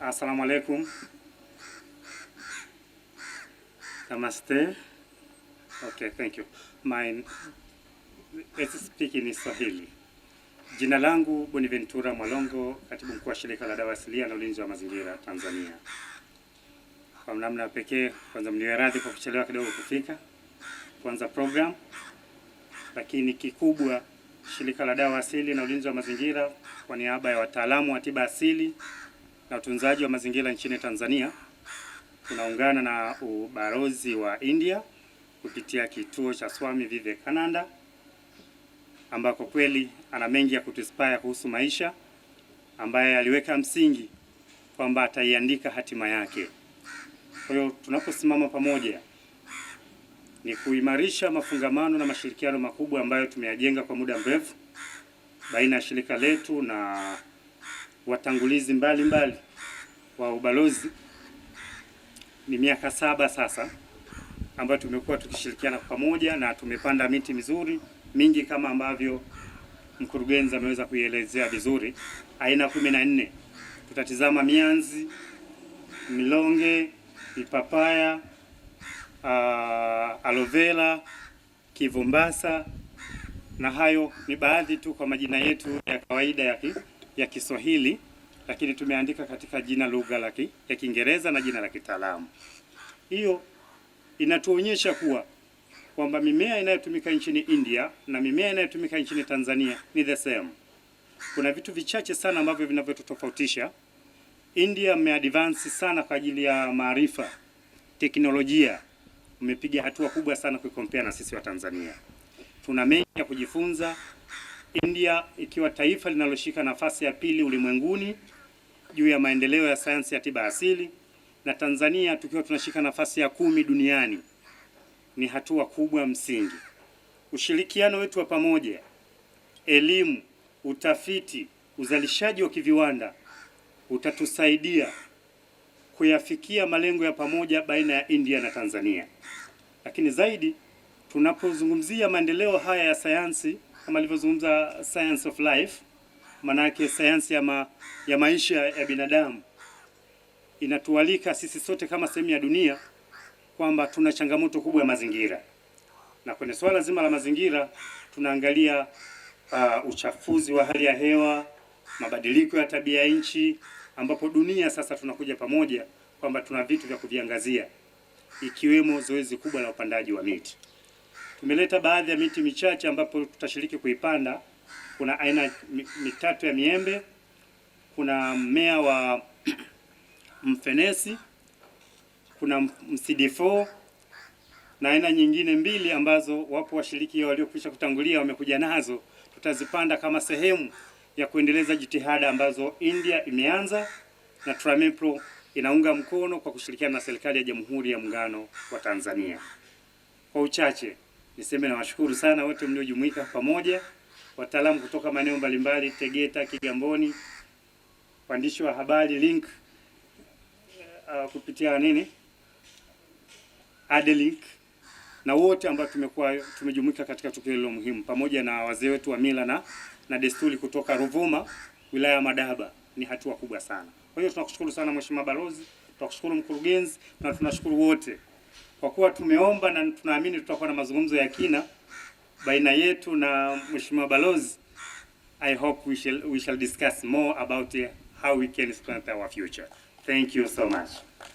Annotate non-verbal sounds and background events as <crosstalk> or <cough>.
Assalamu alaikum. Namaste. Okay, thank you. My let's speak in Swahili. Jina langu Bonaventura Mwalongo, katibu mkuu wa shirika la dawa asilia na ulinzi wa mazingira Tanzania. Kwa namna pekee, kwanza mniwe radhi kwa kuchelewa kidogo kufika kwanza program, lakini kikubwa shirika la dawa asili na ulinzi wa mazingira kwa niaba ya wataalamu wa tiba asili na utunzaji wa mazingira nchini Tanzania tunaungana na ubalozi wa India kupitia kituo cha Swami Vivekananda ambako kweli ana mengi ya kutuspaya kuhusu maisha, ambaye aliweka msingi kwamba ataiandika hatima yake. Kwa hiyo tunaposimama pamoja ni kuimarisha mafungamano na mashirikiano makubwa ambayo tumeyajenga kwa muda mrefu baina ya shirika letu na watangulizi mbalimbali mbali wa ubalozi. Ni miaka saba sasa ambayo tumekuwa tukishirikiana pamoja na tumepanda miti mizuri mingi kama ambavyo mkurugenzi ameweza kuielezea vizuri, aina kumi na nne. Tutatizama mianzi, milonge, mipapaya uh, ah, alovela, kivumbasa na hayo ni baadhi tu kwa majina yetu ya kawaida ya ki ya Kiswahili, lakini tumeandika katika jina lugha ya Kiingereza na jina la kitaalamu. Hiyo inatuonyesha kuwa kwamba mimea inayotumika nchini India na mimea inayotumika nchini Tanzania ni the same. Kuna vitu vichache sana ambavyo vinavyotofautisha. India mmeadvance sana kwa ajili ya maarifa, teknolojia, mmepiga hatua kubwa sana kuikompea na sisi wa Tanzania. Tuna mengi ya kujifunza. India ikiwa taifa linaloshika nafasi ya pili ulimwenguni juu ya maendeleo ya sayansi ya tiba asili na Tanzania tukiwa tunashika nafasi ya kumi duniani ni hatua kubwa msingi. Ushirikiano wetu wa pamoja, elimu, utafiti, uzalishaji wa kiviwanda utatusaidia kuyafikia malengo ya pamoja baina ya India na Tanzania. Lakini zaidi tunapozungumzia maendeleo haya ya sayansi kama alivyozungumza science of life, maanake sayansi ya, ma, ya maisha ya binadamu inatualika sisi sote kama sehemu ya dunia kwamba tuna changamoto kubwa ya mazingira, na kwenye swala zima la mazingira tunaangalia uh, uchafuzi wa hali ya hewa, mabadiliko ya tabia nchi, ambapo dunia sasa tunakuja pamoja kwamba tuna vitu vya kuviangazia ikiwemo zoezi kubwa la upandaji wa miti. Tumeleta baadhi ya miti michache ambapo tutashiriki kuipanda. Kuna aina mitatu ya miembe, kuna mmea wa <clears throat> mfenesi, kuna msidifo na aina nyingine mbili ambazo wapo washiriki waliokwisha kutangulia wamekuja nazo, tutazipanda kama sehemu ya kuendeleza jitihada ambazo India imeanza na Tramepro inaunga mkono kwa kushirikiana na serikali ya Jamhuri ya Muungano wa Tanzania. Kwa uchache Niseme nawashukuru sana wote mliojumuika pamoja, wataalamu kutoka maeneo mbalimbali, Tegeta, Kigamboni, waandishi wa habari link uh, uh kupitia nini Adelink na wote ambao tumekuwa tumejumuika katika tukio hilo muhimu, pamoja na wazee wetu wa mila na, na desturi kutoka Ruvuma, wilaya ya Madaba. Ni hatua kubwa sana. Kwa hiyo tunakushukuru sana Mheshimiwa Balozi, tunakushukuru mkurugenzi, na tunashukuru wote. Kwa kuwa tumeomba na tunaamini tutakuwa na mazungumzo ya kina baina yetu na Mheshimiwa Balozi, I hope we shall, we shall discuss more about how we can strengthen our future. Thank you so much.